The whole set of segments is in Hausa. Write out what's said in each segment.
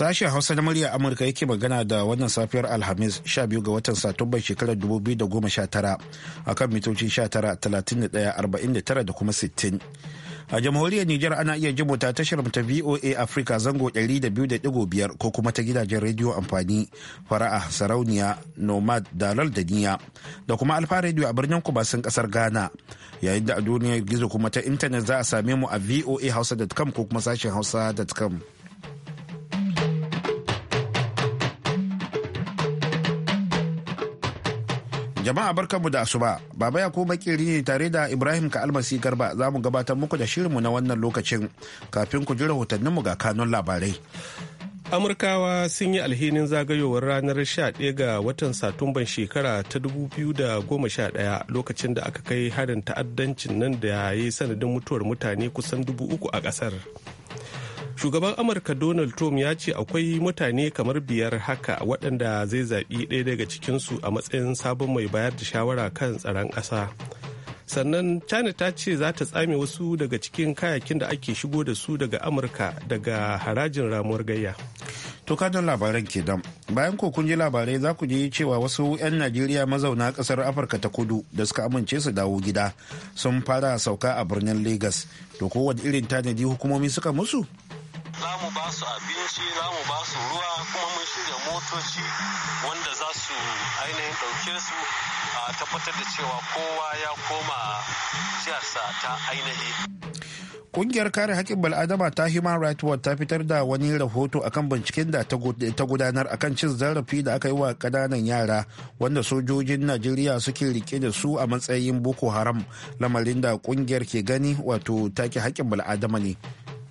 Sashen Hausa na murya Amurka yake magana da wannan safiyar Alhamis 12 ga watan Satumbar shekarar 2019 akan mitoci mitocin 31, da kuma 60. a jamhuriyar Nijar ana iya jimo ta tashar ta VOA Africa zango 200.5 ko kuma ta gidajen rediyo amfani fara'a sarauniya nomad dalal da niya da kuma alfa rediyo a birnin kubasin kasar Ghana yayin da a duniyar gizo kuma ta intanet za a same mu a voahausa.com ko kuma sashen hausa.com. Jama'a barkanmu da asuba, Baba Yakubu ko ne tare da Ibrahim ka almasi garba za mu gabatar muku da shirinmu na wannan lokacin kafin ku ji rahotanninmu ga kanun labarai. Amurkawa sun yi alhinin zagayowar ranar 11 ga watan Satumban shekara ta 2011 lokacin da aka kai harin ta'addancin nan da ya yi sanadin mutuwar mutane kusan dubu uku a ƙasar. shugaban amurka donald trump ya ce akwai mutane kamar biyar haka waɗanda zai zaɓi ɗaya daga cikinsu a matsayin sabon mai bayar da shawara kan tsaron ƙasa sannan china ta ce za ta tsame wasu daga cikin kayakin da ake shigo da su daga amurka daga harajin ramuwar gayya to labaran kenan bayan ko kun ji labarai za ku ji cewa wasu 'yan najeriya mazauna kasar afirka ta kudu da suka amince su dawo gida sun fara sauka a birnin lagos to kowane irin tanadi hukumomi suka musu za mu ba su abinci za mu ba su ruwa kuma mun shirya motoci wanda za su ainihin ɗauke su a tabbatar da cewa kowa ya koma jiyarsa ta ainihi Kungiyar kare haƙƙin bal'adama ta Human Rights Watch ta fitar da wani rahoto akan binciken da ta gudanar akan cin zarafi da aka yi wa ƙananan yara wanda sojojin Najeriya suke rike da su a matsayin Boko Haram lamarin da kungiyar ke gani wato take haƙƙin bal'adama ne.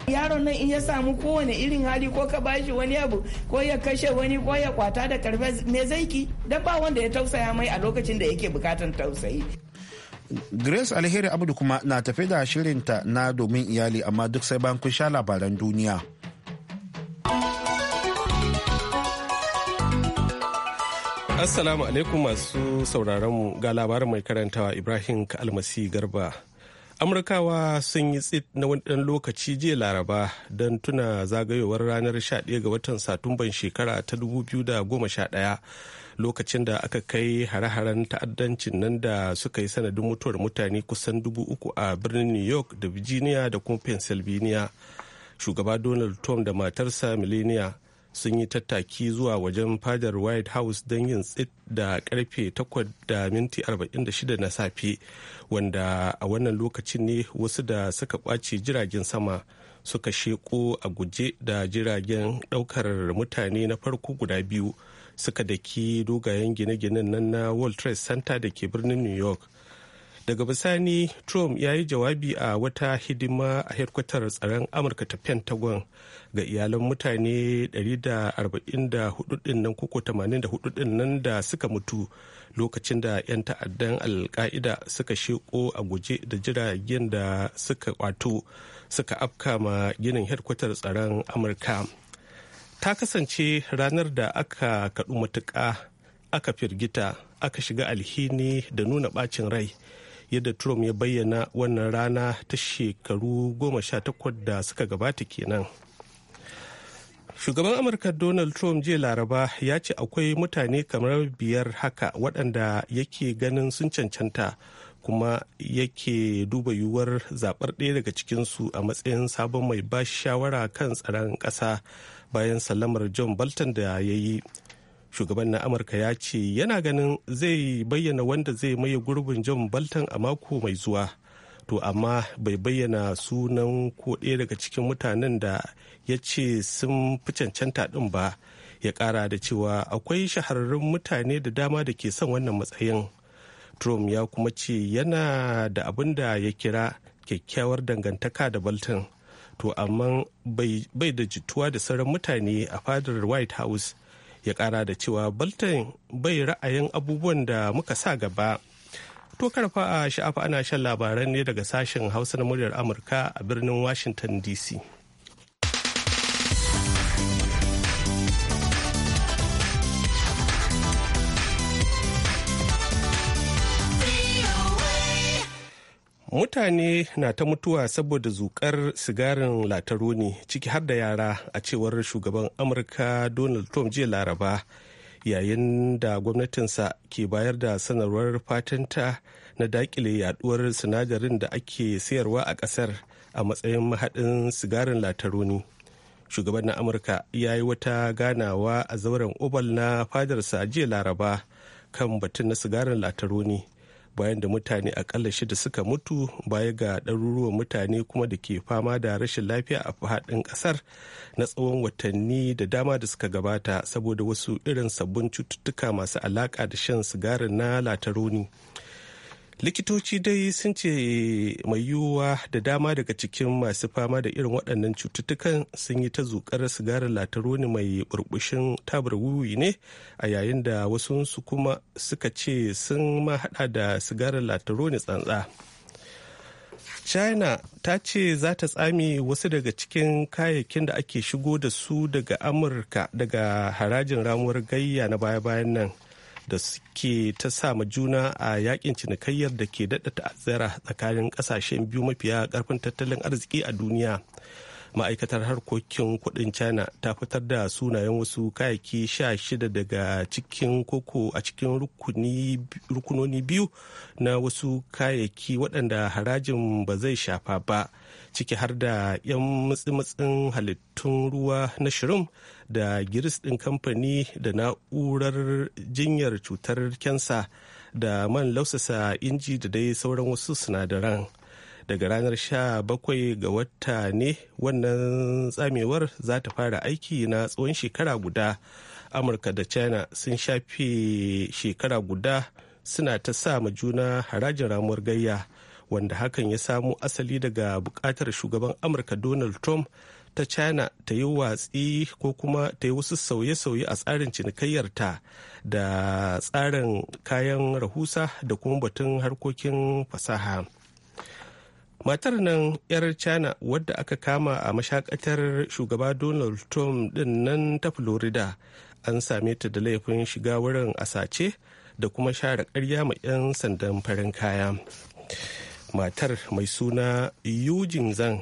yaron nan in ya samu kowane irin hali ko ka bashi wani abu ko ya kashe wani ko ya kwata da karfe me zai ki dan ba wanda ya tausaya mai a lokacin da yake bukatan tausayi Grace Alheri Abdu kuma na tafi da shirinta na domin iyali amma duk sai ban kun sha labaran duniya. Assalamu alaikum masu sauraron mu ga labarin mai karantawa Ibrahim Almasi Garba. amurkawa sun yi tsit na wani ɗan lokaci jiya laraba don tuna zagayowar ranar 11 ga watan satumban shekara ta 2011 lokacin da aka kai hare-haren ta'addancin nan da suka yi sanadin mutuwar mutane kusan dubu uku a birnin new york da virginia da kuma pennsylvania shugaba donald trump da matarsa millennia sun yi tattaki zuwa wajen fadar white house don yin tsit da karfe 8:46 na safe wanda a wannan lokacin ne wasu da suka kwace jiragen sama suka sheko a guje da jiragen daukar mutane na farko guda biyu suka daki dogayen gine-ginen nan na world trade center da ke birnin new york daga bisani trump ya yi jawabi a wata hidima a hedkwatar tsaron amurka ta pentagon ga iyalan mutane 144 din nan kuko 84 din nan da suka mutu lokacin da 'yan ta'addan alka'ida suka sheko a guje da jiragen da suka kwato suka afka ma ginin hedkwatar tsaron amurka ta kasance ranar da aka kaɗu matuƙa aka firgita aka shiga alhini da nuna ɓacin rai yadda trump ya bayyana wannan rana ta shekaru goma sha takwas da suka gabata kenan shugaban amurka donald trump jiya laraba ya ce akwai mutane kamar biyar haka waɗanda yake ganin sun cancanta kuma yake duba yiwuwar zaɓar ɗaya daga cikinsu a matsayin sabon mai ba shawara kan tsaron ƙasa bayan sallamar john bolton da ya yi shugaban na amurka ya ce yana ganin zai bayyana wanda zai maye gurbin john bolton a mako mai zuwa to amma bai bayyana sunan ko ɗaya daga cikin mutanen da ya ce sun fi cancanta ɗin ba ya ƙara da cewa akwai shahararrun mutane da dama da ke son wannan matsayin trump ya kuma ce yana da abin da ya kira kyakkyawar dangantaka da bolton to amma bai da jituwa da sauran mutane a fadar white house ya kara da cewa bolton bai ra'ayin abubuwan da muka sa gaba to karfa a sha'afa ana shan labaran ne daga sashen hausa na muryar amurka a birnin washington dc mutane na ta mutuwa saboda zukar sigarin lataroni ciki har da yara a cewar shugaban amurka donald trump jiya laraba yayin da gwamnatinsa ke bayar da sanarwar fatanta na dakile yaduwar sinadarin da ake sayarwa a kasar a matsayin mahaɗin sigarin lataroni shugaban na amurka ya yi wata ganawa a zauren obal na fadarsa jiya laraba kan batun na sigarin lataroni bayan da mutane akalla shida suka mutu baya ga ɗaruruwan mutane kuma da ke fama da rashin lafiya a faɗin ƙasar na tsawon watanni da dama da suka gabata saboda wasu irin sabbin cututtuka masu alaƙa da shan sigarin na lataroni likitoci dai sun ce mai yiwuwa da dama daga cikin masu fama da irin waɗannan cututtukan sun yi ta zuƙar sigarar lataroni mai burbushin tabar wuyi ne a yayin da wasu su kuma suka ce sun ma hada da sigarar lataroni tsantsa china ta ce za ta tsami wasu daga cikin kayayyakin da ake shigo da su daga amurka daga harajin ramuwar gayya na baya-bayan nan da suke ta sama juna a yakin cinikayyar da ke daɗa ta'azzara tsakanin ƙasashen biyu mafiya ƙarfin tattalin arziki a duniya ma'aikatar harkokin kuɗin china ta fitar da sunayen wasu kayayyaki sha shida daga cikin koko a cikin rukunoni biyu na wasu kayayyaki waɗanda harajin ba zai shafa ba ciki har da 'yan matsimatsin halittun ruwa na shirin da giris ɗin kamfani da na'urar jinyar cutar kensa da man lausasa inji da dai sauran wasu sinadaran daga ranar sha bakwai ga wata ne wannan tsamewar za ta fara aiki na tsawon shekara guda amurka da china sun shafe shekara guda suna ta sa ma juna harajin ramuwar gayya wanda hakan ya samo asali daga bukatar shugaban amurka donald trump ta china ta yi watsi ko kuma ta yi wasu sauye-sauye a tsarin cinikayyarta da tsarin kayan rahusa da kuma batun harkokin fasaha matar nan 'yar china wadda aka kama a mashakatar shugaba donald trump din nan ta florida an same ta da laifin shiga wurin asace da kuma share karya ma 'yan sandan farin kaya matar mai suna yujin zan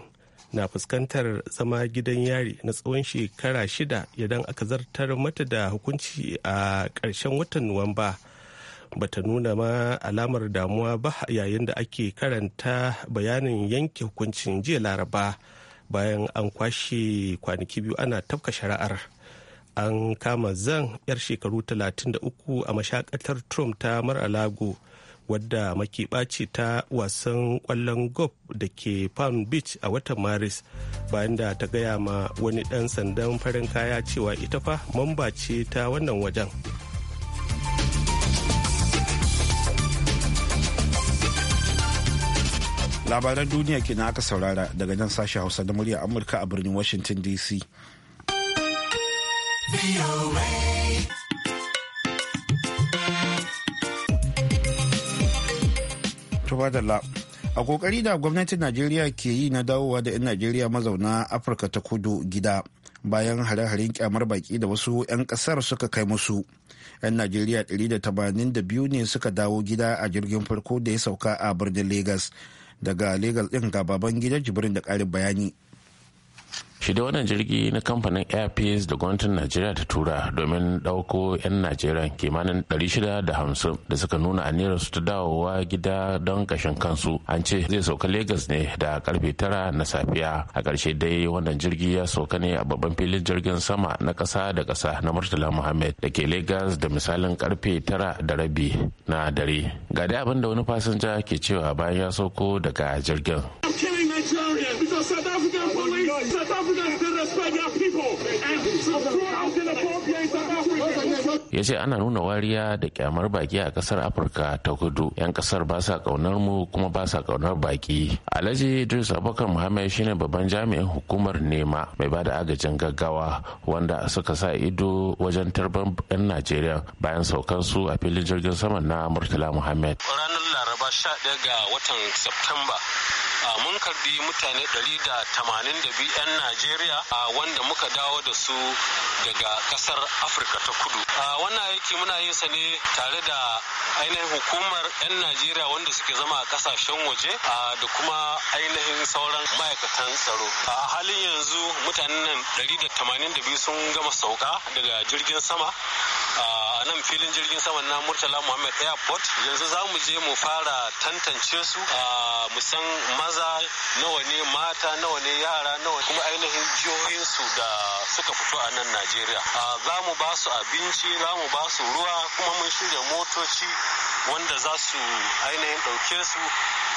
na fuskantar zama gidan yari na tsawon shekara shida idan aka zartar mata da hukunci a ƙarshen watan nuwamba bata nuna ma alamar damuwa ba yayin da ake karanta bayanin yanke hukuncin jiya laraba bayan an kwashe kwanaki biyu ana tafka shari'ar an kama zan yar shekaru 33 a mashakatar trump ta mar lago wadda makiba ce ta wasan kwallon golf da ke palm beach a watan maris bayan da ta gaya ma wani ɗan sandan farin kaya cewa ita fa mamba ce ta wannan wajen labaran duniya kenan aka saurara daga nan sashen hausa na murya amurka a birnin washington dc tufadala a kokari da gwamnatin najeriya ke yi na dawowa da 'yan najeriya mazauna afirka ta kudu gida bayan hare-haren kyamar baki da wasu 'yan kasar suka kai musu 'yan najeriya 182 ne suka dawo gida a jirgin farko da ya sauka a birnin Legas daga lagos din baban gidan jibrin da karin bayani shi da wannan jirgi na kamfanin airpeace da gwamnatin najeriya ta tura domin dauko 'yan najeriya kimanin 650 da suka nuna a aniyar su ta dawowa gida don kashin kansu an ce zai sauka Legas ne da karfe tara na safiya a ƙarshe dai wannan jirgi ya sauka ne a babban filin jirgin sama na kasa da kasa na murtala muhammad da ke lagos da misalin karfe tara da rabi na dare ga dai abin da wani fasinja ke cewa bayan ya sauko daga jirgin ya ce ana nuna wariya da kyamar baki a kasar afirka ta kudu yan kasar ba sa kaunar mu kuma ba sa kaunar baki alhaji idris abubakar muhammad shine babban jami'in hukumar nema mai bada agajin gaggawa wanda suka sa ido wajen tarban yan najeriya bayan saukan su a filin jirgin saman na murtala muhammad ranar laraba 11 ga watan september a mun karbi mutane 182 'yan najeriya wanda muka dawo da su daga kasar afirka ta kudu a wannan aiki muna yin sa ne tare da ainihin hukumar 'yan najeriya wanda suke zama a kasashen waje da kuma ainihin sauran ma'aikatan tsaro a halin yanzu mutanen nan 182 sun gama sauka daga jirgin sama a nan filin jirgin sama na murtala muhammad airport yanzu za mu je mu fara tantance su mu san maza nawa ne mata nawa ne yara nawa kuma ainihin jihohinsu da suka fito a nan najeriya za mu ba su abinci za mu ba su ruwa kuma mun shirya motoci wanda za su ainihin ɗauke su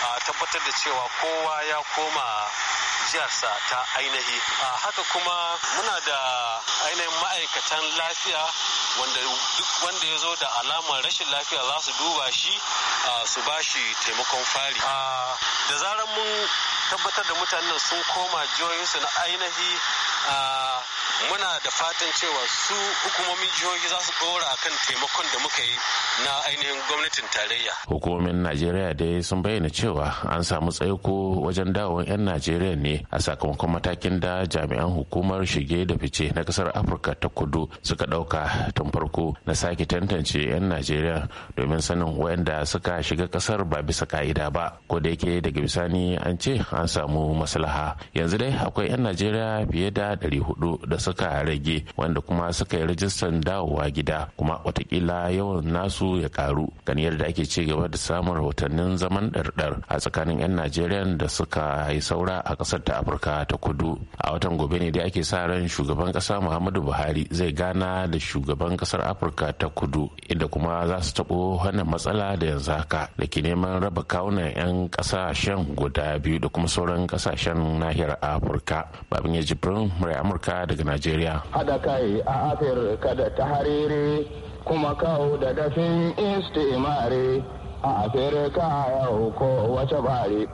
a tabbatar da cewa kowa ya koma jiyarsa ta ainihi haka kuma muna da ainihin ma'aikatan lafiya wanda duk wanda ya zo da alamar rashin lafiya za su duba shi su ba shi taimakon fari da zarar mun tabbatar da mutanen sun koma jihohinsu na ainihi ah, muna da fatan cewa su hukumomin jihohi za su dora kan taimakon da muka yi na ainihin gwamnatin tarayya hukumomin najeriya dai sun bayyana cewa an samu tsaiko wajen dawon 'yan najeriya ne a sakamakon matakin da jami'an hukumar shige da fice na kasar afirka ta kudu suka ɗauka tun farko na sake tantance 'yan najeriya domin sanin wayanda suka shiga kasar ba bisa ka'ida ba ko da yake daga bisani an ce an samu maslaha yanzu dai akwai 'yan najeriya fiye da 400 da suka rage wanda kuma suka yi rajistan dawowa gida kuma watakila yawan nasu ya karu gani yadda ake ci gaba da samun rahotannin zaman ɗarɗar a tsakanin 'yan najeriya da suka yi saura a ƙasar ta afirka ta kudu a watan gobe ne dai ake sa ran shugaban ƙasa muhammadu buhari zai gana da shugaban ƙasar afirka ta kudu inda kuma za su taɓo wannan matsala da yanzu haka da ke neman raba kawunan 'yan ƙasashen guda biyu da kuma sauran ƙasashen nahiyar afirka babin ya jibrin murai amurka daga najeriya Najeriya. Haɗa kai a Afirka da ta hariri kuma kawo da dafin istimare a Afirka yau ko wace bari.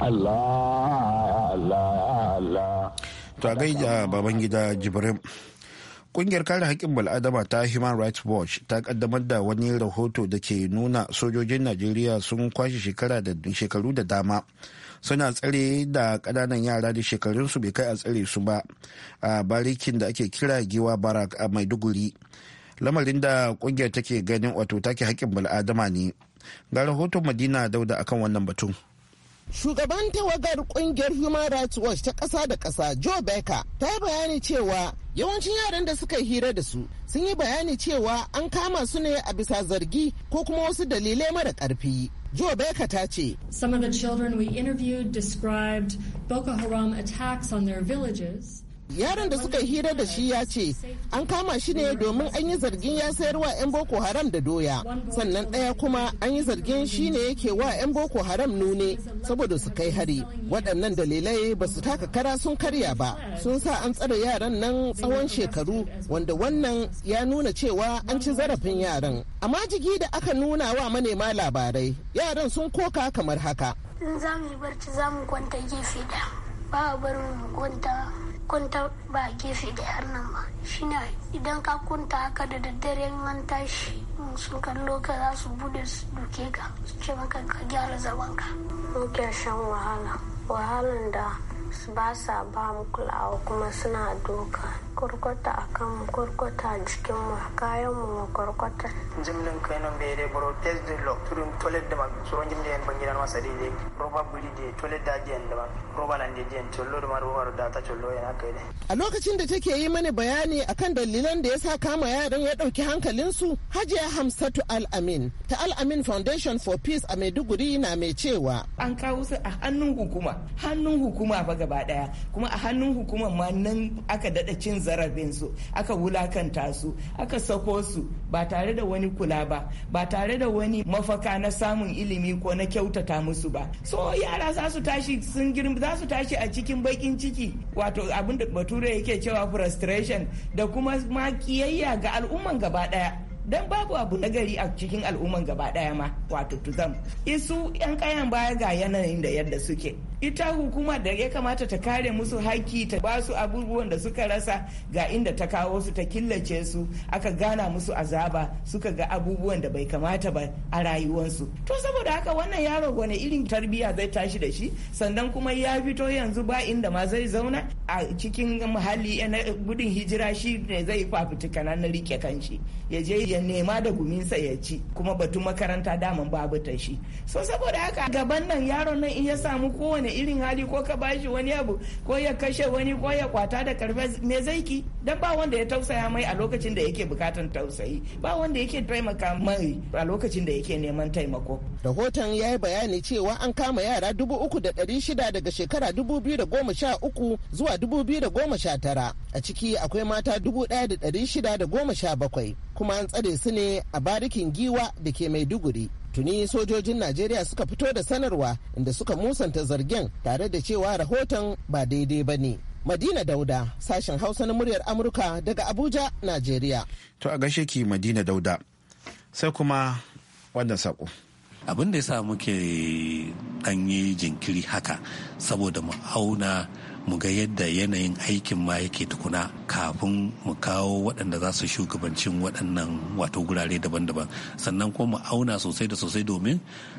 Allah, Allah, Allah. To a gaida baban gida Jibrin. Kungiyar kare haƙƙin bal'adama ta Human Rights Watch ta kaddamar da wani rahoto da ke nuna sojojin Najeriya sun kwashe shekara da shekaru da dama. Suna tsare da ƙananan yara da shekarunsu bai kai a tsare su ba a barikin da ake kira giwa barak a Maiduguri. Lamarin da kungiyar take ganin wato take haƙƙin bal'adama ne. Ga rahoton Madina Dauda akan wannan batun. Shugaban tawagar kungiyar Human Rights Watch ta ƙasa da ƙasa Joe Becker ta yi bayani cewa yawancin yaran da suka yi hira da su sun yi bayani cewa an kama su ne a bisa zargi ko kuma wasu dalilai mara ƙarfi. Joe Becker ta ce. Some of the children we interviewed described Boko Haram attacks on their villages. yaron da suka hira da shi ya ce an kama shi ne domin an yi zargin ya sayar wa 'yan boko haram da doya sannan ɗaya kuma an yi zargin shi ne yake wa 'yan boko haram nune saboda su kai hari waɗannan dalilai ba su taka kara sun karya ba sun sa an tsare yaran nan tsawon shekaru wanda wannan ya nuna cewa an ci zarafin yaran amma jigi da aka nuna wa manema labarai yaran sun koka kamar haka in za mu yi barci za mu kwanta gefe da ba a barin mu kwanta kwanta ba gefe da yar nan ba ne idan ka kunta haka da daddare an tashi sun kallo ka za su bude su duke ka su ce maka ka gyara ka. muke shan wahala wahalan da ba sa ba mu kulawa kuma suna doka kurkwata a kan kurkwata a jikin mu kayan mu kurkwata jimlin kai nan bai dai baro tes de lo turin toilet da tsoron jimlin yan ban gidan masa daidai roba buri da toilet da jiyan da roba nan da jiyan tollo da roba da ta tollo yana kai dai a lokacin da take yi mana bayani akan dalilan da ya sa kama yaran ya dauki hankalinsu hajiya hamsatu al-amin ta al-amin foundation for peace a maiduguri na mai cewa an kawo su a hannun hukuma hannun hukuma ba gaba daya kuma a hannun hukumar ma nan aka dada cin zarafin su aka wulakanta su aka sako su ba tare da wani kula ba ba tare da wani mafaka na samun ilimi ko na kyautata musu ba so yara za su tashi sun girma za su tashi a cikin bakin ciki wato abin da bature yake cewa frustration da kuma ma ga al'umman gaba daya don babu abu na gari a cikin al'umman gaba daya ma wato to isu yan kayan baya ga yanayin da yadda suke ita hukuma da ya kamata ta kare musu haƙƙi ta ba su abubuwan da suka rasa ga inda ta kawo su ta killace su aka gana musu azaba suka ga abubuwan da bai kamata ba a rayuwansu to saboda haka wannan yaro wani irin tarbiyya zai tashi da shi sannan kuma ya fito yanzu ba inda ma zai zauna a cikin muhalli eh, na gudun hijira shi ne zai fafutuka na rike kanshi ya je ya nema da guminsa ya ci kuma batun makaranta daman babu ta shi so saboda haka gaban nan yaron nan in ya samu kowane irin hali ko ka bashi wani abu ko ya kashe wani ko ya kwata da karfe me zai ki dan ba wanda ya tausaya mai a lokacin da yake bukatan tausayi ba wanda yake taimaka mai a lokacin da yake neman taimako rahoton ya yi bayani cewa an kama yara dubu uku da ɗari shida daga shekara dubu biyu da goma sha uku zuwa dubu biyu da goma sha tara a ciki akwai mata dubu ɗaya da ɗari shida da goma sha bakwai kuma an tsare su ne a barikin giwa da ke maiduguri tuni sojojin najeriya suka fito da sanarwa inda suka musanta zargen tare da cewa rahoton ba daidai ba ne madina dauda sashen hausa na muryar amurka daga abuja najeriya to a gashe ki madina dauda sai kuma wannan sako abin da ya sa muke ɗanyi jinkiri haka saboda mu auna mu ga yadda yanayin aikin ma yake tukuna kafin mu kawo waɗanda za su shugabancin waɗannan wato gurare daban-daban sannan kuma mu auna sosai da sosai domin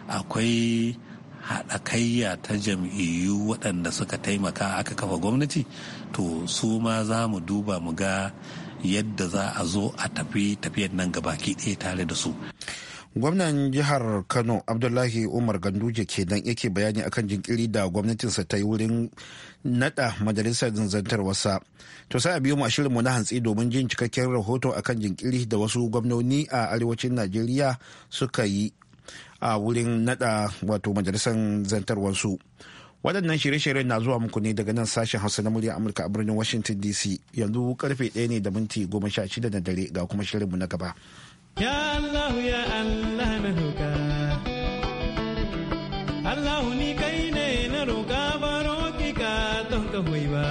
akwai haɗakayya ta jam'iyyu waɗanda suka taimaka aka kafa gwamnati to su ma za mu duba mu ga yadda za a zo a tafi tafiyar nan gabaki ɗaya tare da su gwamnan jihar kano abdullahi umar ganduje ke dan yake bayani akan jinkiri da gwamnatinsa ta yi wurin nada majalisar wasa to sai a biyo mu shirinmu na hantsi domin jin cikakken rahoto akan jinkiri da wasu gwamnoni a arewacin najeriya suka yi a wurin nada wato majalisar zantarwarsu waɗannan shirye-shiryen na zuwa muku ne daga nan sashen hausa na murya amurka a birnin washington dc yanzu karfe ɗaya ne da minti goma sha shida na dare ga kuma shirinmu na gaba Ya Allah ya Allah na roka Allah ni kai ne na roka ba roƙi ka ton ka hoyi ba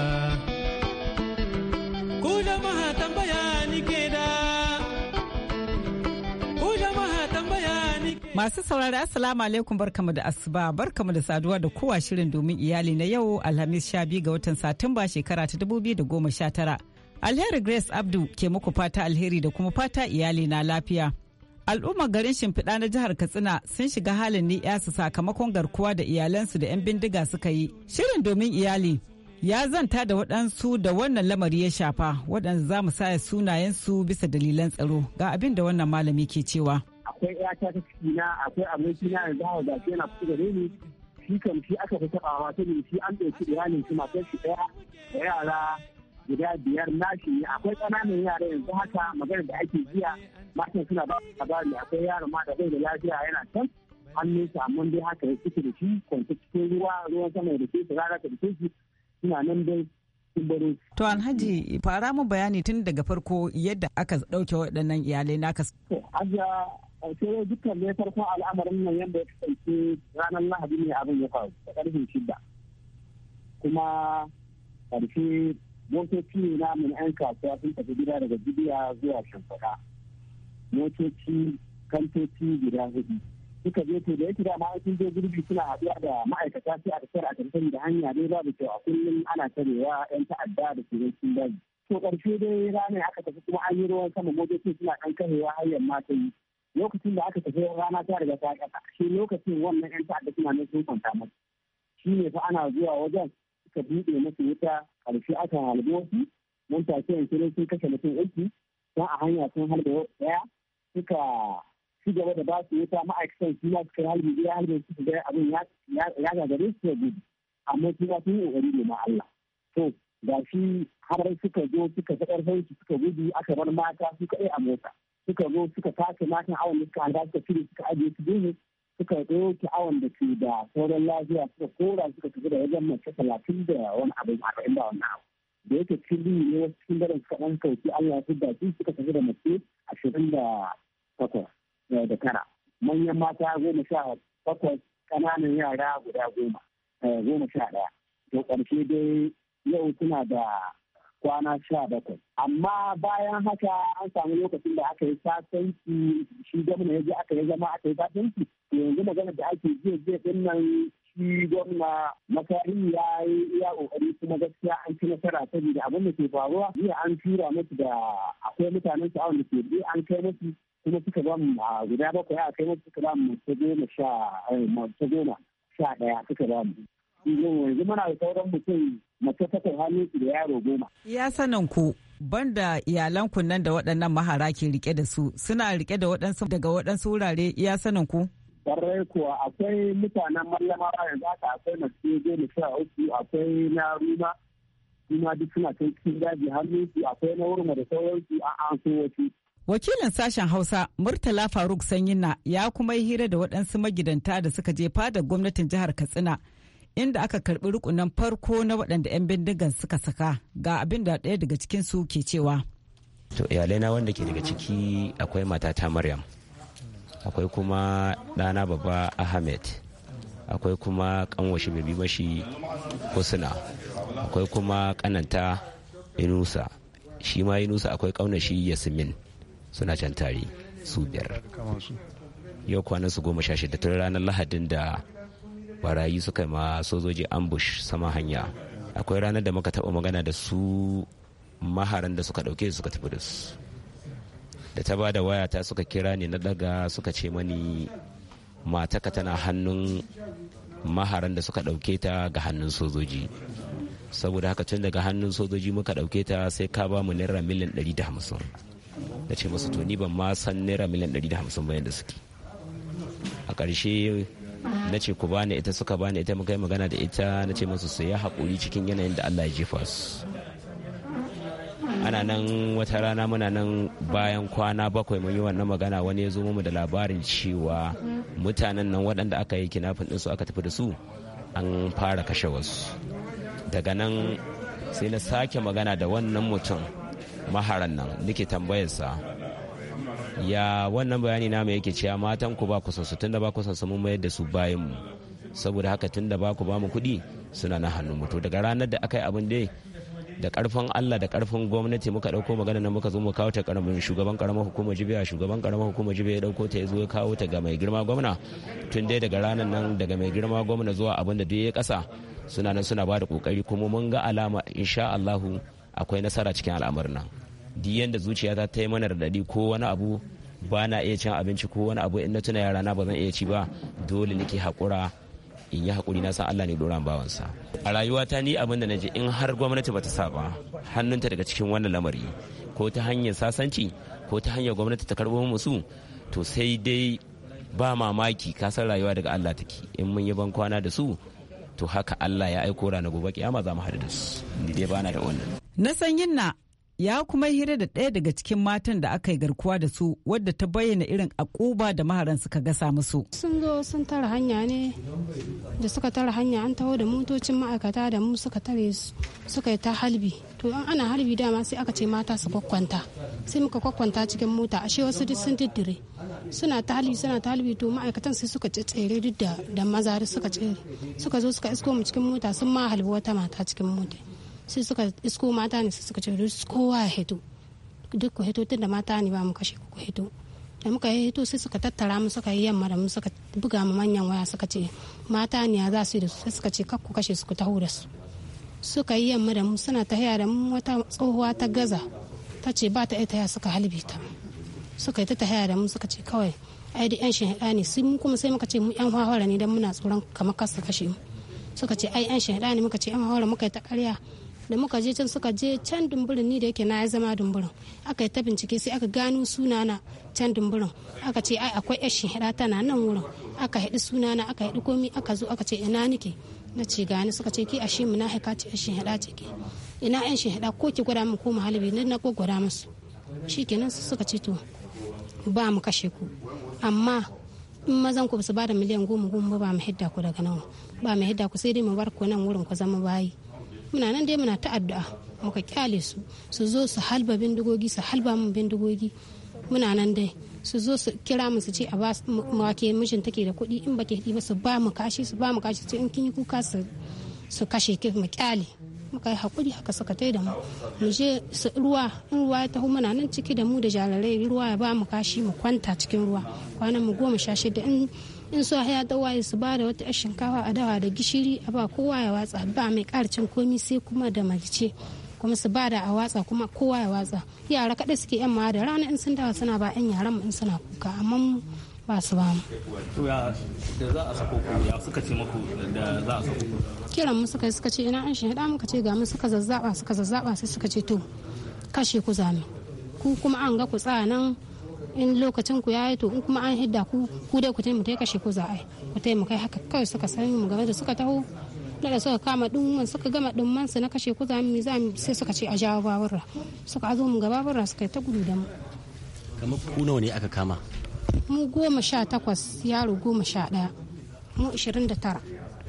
Ku jama'a tambaya ni ke da Ku jama'a tambaya ni ke da. Masu saurari assalamu alaikum barkamu da asuba barkamu da saduwa da kowa shirin domin iyali na yau Alhamis 12 ga watan Satumba shekara ta dubu biyu da goma sha tara. Alheri Grace Abdu ke muku fata alheri da kuma fata iyali na lafiya. Al'ummar garin Shimfiɗa na jihar Katsina sun shiga halin su sakamakon garkuwa da iyalansu da 'yan bindiga suka yi. Shirin domin iyali ya zanta da waɗansu da wannan lamari ya shafa waɗanda za mu saya sunayensu bisa dalilan tsaro ga abin da wannan malami ke cewa. Akwai ƴata ta cikina akwai abinci na yanzu hawa da yana fito da ni shi kan shi aka fi taɓawa ta shi an ɗauki iyalin shi shi ɗaya da yara guda biyar nashi akwai ƙananan yara yanzu haka magana da ake jiya mata suna ba labari akwai yaro ma da bai da lafiya yana can hannunsa amma dai haka ya cike da shi kwanta cikin ruwa ruwan sama da ke su rara da su shi suna nan dai To Alhaji fara mu bayani tun daga farko yadda aka ɗauke waɗannan iyalai naka. To Aja sai dukkan ne farkon al'amarin nan yadda ya kasance ranar Lahadi ne abin ya faru da ƙarfin shida. Kuma ƙarfi motoci ne mun 'yan kasuwa sun tafi gida daga jibiya zuwa shimfiɗa motoci kantoci gida hudu suka je to da yake da ma sun je gurbi suna haɗuwa da ma'aikata sai a tafiyar a tafiyar da hanya dai babu kyau a kullum ana tarewa 'yan ta'adda da turanci daji to ƙarshe dai rana aka tafi kuma an yi ruwan sama motoci suna ɗan karewa hanyar ma yi lokacin da aka tafi rana ta riga ta ƙasa shi lokacin wannan 'yan ta'adda suna nufin kwanta mata shi ne fa ana zuwa wajen suka buɗe masa wuta ƙarshe aka halbe wasu mun take yanzu sun kashe mutum uku don a hanya sun halbe ɗaya suka ci gaba da ba su wuta ma'aikatan su ma suka halbe gida halbe su ga abin ya gagare su ya gudu amma su ma sun yi ƙoƙari ne ma Allah to ga shi har suka zo suka fi ƙarfin su suka gudu aka bar mata su kaɗai a mota suka zo suka tace matan awon da suka hanga suka cire suka ajiye su gudu suka ɗauki awon da ke da sauran lafiya suka kora suka tafi da wajen mace talatin da wani abu arba'in da wani abu da yake cikin ne wasu cikin daren suka ɗan sauki Allah su da su suka tafi da mace ashirin da takwas eh, da tara manyan mata goma sha takwas ƙananan yara guda goma eh, goma sha ɗaya to ƙarshe dai yau suna da kwana sha bakwai amma bayan haka an samu lokacin da aka yi sasanci shi gwamna ya je aka yi zama aka yi sasanci yanzu magana da ake jiya jiya din nan shi gwamna ya yi iya kokari kuma gaskiya an ci nasara saboda abin da ke faruwa jiya an tura musu da akwai mutanen su da ke bi an kai musu kuma suka ba mu guda bakwai a kai musu suka ba mu ta goma sha eh, sha ɗaya suka ba mu yanzu muna da sauran mutum mace ta kai hannun da yaro goma. Ya sanin ku banda iyalan ku nan da waɗannan mahara ke rike da su suna rike da waɗansu daga waɗansu wurare ya sanin ku. Kwarai kuwa akwai mutanen ba yanzu haka akwai masu da sha uku akwai na ruma kuma duk suna kai cikin daji hannun su akwai na wurma da sauransu a an so wasu. Wakilin sashen Hausa Murtala Faruk Sanyina ya kuma yi hira da waɗansu magidanta da suka je fadar gwamnatin jihar Katsina inda aka karbi rukunan farko na waɗanda 'yan bindigan suka saka ga abin da ɗaya daga cikinsu ke cewa to iyalai na wanda ke daga ciki akwai matata maryam akwai kuma ɗana babba ahmed akwai kuma kanwashi mai bi husna akwai kuma kananta inusa shi ma inusa akwai kaunashi yasmin suna can tare su biyar yau kwanan su goma sha shida tun ranar lahadin da barayi suka ma sojoji ambush sama hanya akwai ranar da muka taɓa magana da su maharan da suka ɗauke suka tafi da su da ta ba da wayata suka kira ni na daga suka ce mani mataka tana hannun maharan da suka ɗauke ta ga hannun sojoji saboda haka tun daga hannun sojoji muka ɗauke ta sai ka ba mu naira miliyan 150 da ce masu to ni ban ma san naira miliyan 150 bayan da suke a ƙarshe na ce ku bani ita suka bani ita muka yi magana da ita na ce masu su ya haƙuri cikin yanayin da Allah ya jefa su ana nan wata rana muna nan bayan kwana bakwai mun yi wannan magana wani ya zo mu da labarin cewa mutanen nan waɗanda aka yi kinafin ɗinsu aka tafi da su an fara kashe wasu daga nan sai na sake magana da wannan mutum maharan nan nake tambayarsa ya wannan bayani na mai yake cewa matan ku ba ku su tunda ba ku su mayar da su bayan mu saboda haka tunda ba ku ba mu kuɗi suna na hannun mu to daga ranar da aka yi abin dai da karfin Allah da karfin gwamnati muka dauko magana nan muka zo mu kawo ta karamin shugaban karamar hukumar jibiya shugaban karamar hukumar jibiya ya dauko ta ya zo ya kawo ta ga mai girma gwamna tun dai daga ranar nan daga mai girma gwamna zuwa abin da duk ya kasa suna nan suna ba da kokari kuma mun ga alama insha Allahu akwai nasara cikin al'amarin nan duk yanda zuciyata ta yi mana radadi ko wani abu ba na iya cin abinci ko wani abu in na tuna yara na ba zan iya ci ba dole nake haƙura in yi haƙuri na san Allah ne doran bawansa a rayuwata ni abin da naji in har gwamnati bata sa ba hannunta daga cikin wannan lamari ko ta hanyar sasanci ko ta hanyar gwamnati ta karɓo musu to sai dai ba mamaki ka san rayuwa daga Allah take in mun yi ban kwana da su to haka Allah ya aiko rana gobe kiyama za mu haɗu da su ni dai bana da wannan na sanyin na ya kuma hira da ɗaya daga cikin matan da aka yi garkuwa da su wadda ta bayyana irin akuba da maharan suka gasa musu. sun zo sun tara hanya ne da suka tara hanya an taho da motocin ma'aikata da mu suka tare suka yi ta halbi to an ana halbi dama sai aka ce mata su kwakwanta sai muka kwakwanta cikin mota ashe wasu duk sun diddire suna ta halbi suna ta halbi to ma'aikatan sai suka tsere duk da mazari suka tsere suka zo suka isko mu cikin mota sun ma halbi wata mata cikin mota sai suka isko mata ne suka ce kowa ya hito duk ku hito tun da mata ne ba mu kashe ku hito da muka yi hito sai suka tattara mu suka yi yamma da mu suka buga mu manyan waya suka ce mata ne za su yi da su sai suka ce kakku kashe su ku taho da su suka yi yamma da mu suna tahiya da mu wata tsohuwa ta gaza ta ce ba ta ita ya suka halbe ta suka yi ta tahiya da mu suka ce kawai ai da yan shahada ne sai mu kuma sai muka ce mu yan hawara ne dan muna tsoron kamar kasu kashe mu suka ce ai yan shahada ne muka ce yan hawara muka yi ta karya da muka je can suka je can dumburin ni da yake na ya zama dumburin aka yi ta bincike sai aka gano sunana can dumburin aka ce ai akwai yar shehira tana nan wurin aka haɗi sunana aka haɗi komi aka zo aka ce ina nike na ce gani suka ce ki ashe mu na haika ce yar shehira ce ke ina yan shehira ko ki gwada mu ko mu halibi na na gwada musu kenan suka ce to ba mu kashe ku amma in mazan ku ba su ba da miliyan goma goma ba mu hidda ku daga nan ba mu hidda ku sai dai mu bar ku nan wurin ku zama bayi muna nan dai muna ta addu'a muka kyale su su zo su halba bindigogi su halba mu bindigogi muna nan dai su zo su kira mu su ce a wake mijin take da kuɗi in ke ba su ba mu kashi su ba mu kashi su in kin yi kuka su kashe ki mu kyale muka yi hakuri haka suka tai da mu mu je ruwa in ruwa ya taho muna nan ciki da mu da jarirai ruwa ya ba mu kashi mu kwanta cikin ruwa kwanan mu goma sha shida in in so haya ta waye su ba da wata shinkafa a dawa da gishiri a ba kowa ya watsa ba mai karcin komi sai kuma da magice kuma su ba da a watsa kuma kowa ya watsa yara kaɗai suke yan ma da rana in sun dawa suna ba yan yaran in suna kuka amma ba su ba mu. To da za a sako ku ya suka ce muku da za a sako ku. Kiran mu suka suka ce ina an shi hada muka ce ga mu suka zazzaba suka zazzaba sai suka ce to kashe ku zame. Ku kuma an ga ku tsanan in lokacin ku yayi to in kuma an hidda ku ku dai ku taimu kai kashe ku za a ku kai haka kawai suka san mu game da suka taho da suka kama dumman suka gama dumman su na kashe ku za mu sai suka ce a jawo babura suka azo mu ga babura suka yi ta gudu da mu kamar ku nawa ne aka kama mu goma sha takwas yaro goma sha ɗaya mu ishirin da tara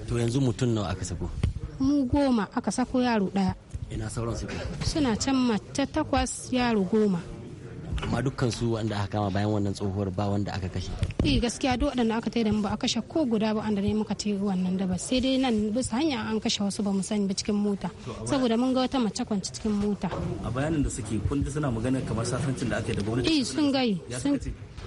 to yanzu mutum nawa aka sako mu goma aka sako yaro ɗaya ina sauran su suna can mace takwas yaro goma amma dukkan su wanda aka kama bayan wannan tsohuwar ba wanda aka kashe eh gaskiya duk wanda aka taida ba a kashe ko guda ba wanda ne muka ce wannan da ba sai dai nan bisa hanya an kashe wasu ba mu sani ba cikin mota saboda mun ga wata mace kwance cikin mota a bayanin da suke kun suna magana kamar sasancin da ake da gwamnati eh sun gai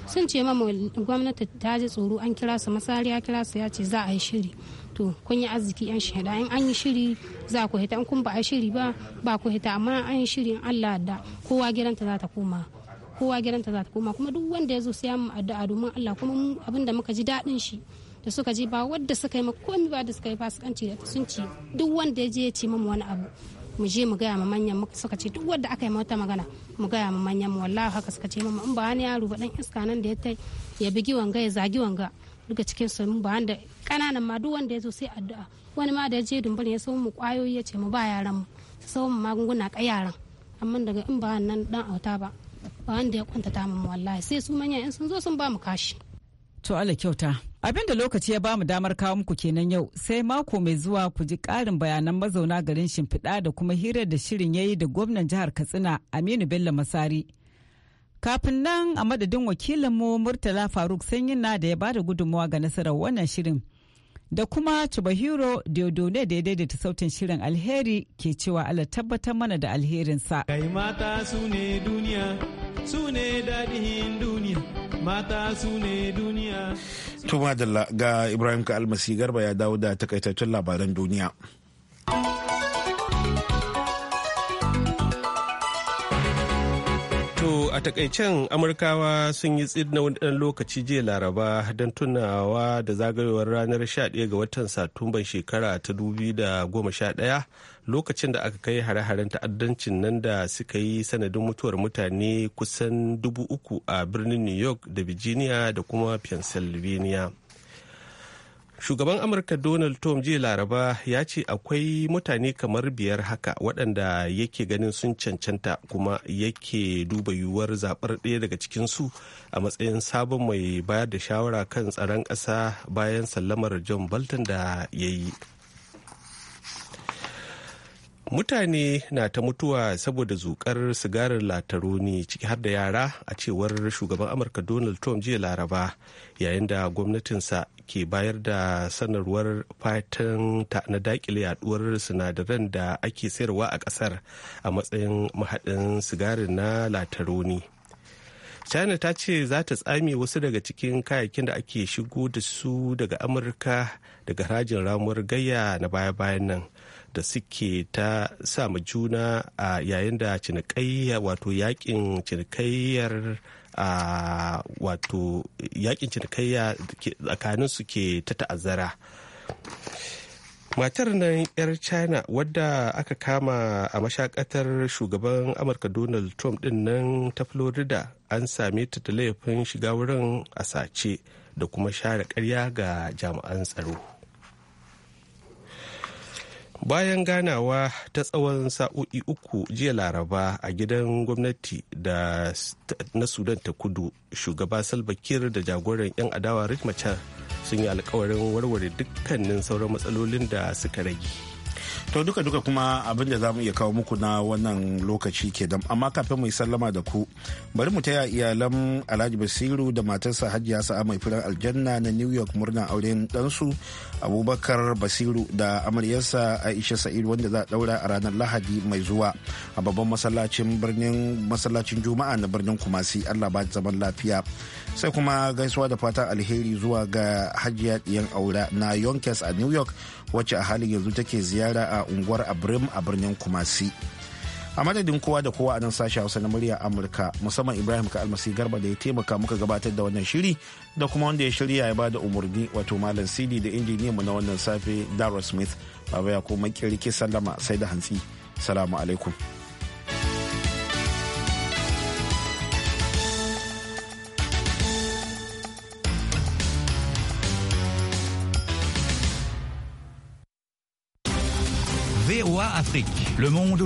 sun ce mamu gwamnati ta ji tsoro an kira su masariya ya kira su ya ce za a yi shiri to kun yi arziki yan shahada in an yi shiri za ku hita in kun ba a shiri ba ba ku hita amma an yi shiri in Allah da kowa gidanta za ta koma kowa gidanta za ta koma kuma duk wanda ya zo sai mu addu'a domin Allah kuma abin da muka ji daɗin shi da suka ji ba wadda suka yi ma komi ba da suka yi fasikanci da sun ci duk wanda ya je ya ce mamu wani abu mu je mu gaya ma manyan mu suka ce duk wanda aka yi mata magana mu gaya ma manyan mu wallahi haka suka ce mama in ba wani yaro ba dan iska nan da ya tai ya bigi wanga ya zagi wanga duka cikin su mun ba wanda kananan ma duk wanda ya zo sai addu'a wani ma da ya je dumbulin ya samu mu kwayoyi ya ce mu ba yaran mu su samu mu magunguna ka yaran amma daga in ba wannan dan auta ba ba wanda ya kwanta ta mu wallahi sai su manyan in sun zo sun ba mu kashi to ala kyauta abinda lokaci ya bamu damar kawo muku kenan yau sai mako mai zuwa ku ji ƙarin bayanan mazauna garin shimfiɗa da kuma hirar da shirin ya yi da gwamnan jihar Katsina Aminu Bello Masari. Kafin nan a madadin wakilinmu Murtala Faruk Sanyin na da ya bada gudunmawa ga nasarar wannan shirin. da kuma Chubahiro Diodone da ya daidaita sautin shirin alheri ke cewa Allah tabbatar mana da alherinsa. Kai mata su ne duniya, su ne daɗin duniya, mata su ne duniya. Tuma ga Ibrahim Ka Almasi Garba ya dawo da takaitattun labaran duniya. a takaicen Amurkawa sun yi tsid na wani lokaci jiya Laraba don tunawa da zagayowar ranar 11 ga watan Satumban shekara ta 2011 lokacin da aka kai hare-haren ta'addancin nan da suka yi sanadin mutuwar mutane kusan 3000 a birnin New York da Virginia da kuma Pennsylvania. shugaban amurka donald trump jiya laraba ya ce akwai mutane kamar biyar haka waɗanda yake ganin sun cancanta kuma yake duba yiwuwar zaɓar ɗaya daga cikinsu a matsayin sabon mai bayar da shawara kan tsaron ƙasa bayan sallamar john bolton da ya yi mutane na ta mutuwa saboda zukar sigarin lataroni ciki har da yara a cewar shugaban amurka donald trump jiya laraba yayin da gwamnatinsa ke bayar da sanarwar fatan ta na dakile yaduwar sinadaran da ake sayarwa a kasar a matsayin mahadin sigarin na lataroni china ta ce za ta tsame wasu daga cikin kayayyakin da ake shigo da su daga amurka daga rajin ramuwar gayya na baya-bayan nan da suke ta samu juna a yayin da cinikayya wato yakin cinikayyar wato yakin cinikayya tsakanin su ke ta ta'azzara matar nan 'yar china wadda aka kama a mashakatar shugaban amurka donald trump din nan ta florida an same ta da laifin shiga wurin a sace da kuma share karya ga jami'an tsaro bayan ganawa ta tsawon sa'o'i uku jiya laraba a gidan gwamnati da na sudan ta kudu shugaba salbakir da jagoran 'yan adawa rick machar sun yi alkawarin warware dukkanin sauran matsalolin da suka rage to duka duka kuma abin da za mu iya kawo muku na wannan lokaci ke dam amma kafin mu yi sallama da ku bari mu taya iyalan alhaji basiru da matarsa hajiya sa'a mai firan aljanna na new york murna auren ɗansu abubakar basiru da amaryarsa aisha sa'id wanda za a ɗaura a ranar lahadi mai zuwa a babban masallacin birnin masallacin juma'a na birnin kumasi allah ba zaman lafiya sai kuma gaisuwa da fatan alheri zuwa ga hajiya ɗiyan aura na yonkes a new york wacce a halin yanzu take ziyara a unguwar abrim a birnin kumasi a madadin kowa da kowa a nan sashi hausa na murya amurka musamman ibrahim ka almasi garba da ya taimaka muka gabatar da wannan shiri da kuma wanda ya shirya ya bada umarni wato malam cd da injiniyan mu na wannan safe darrell smith baba ya kuma kirki sallama sai da hantsi salamu alaikum Afrique. Le monde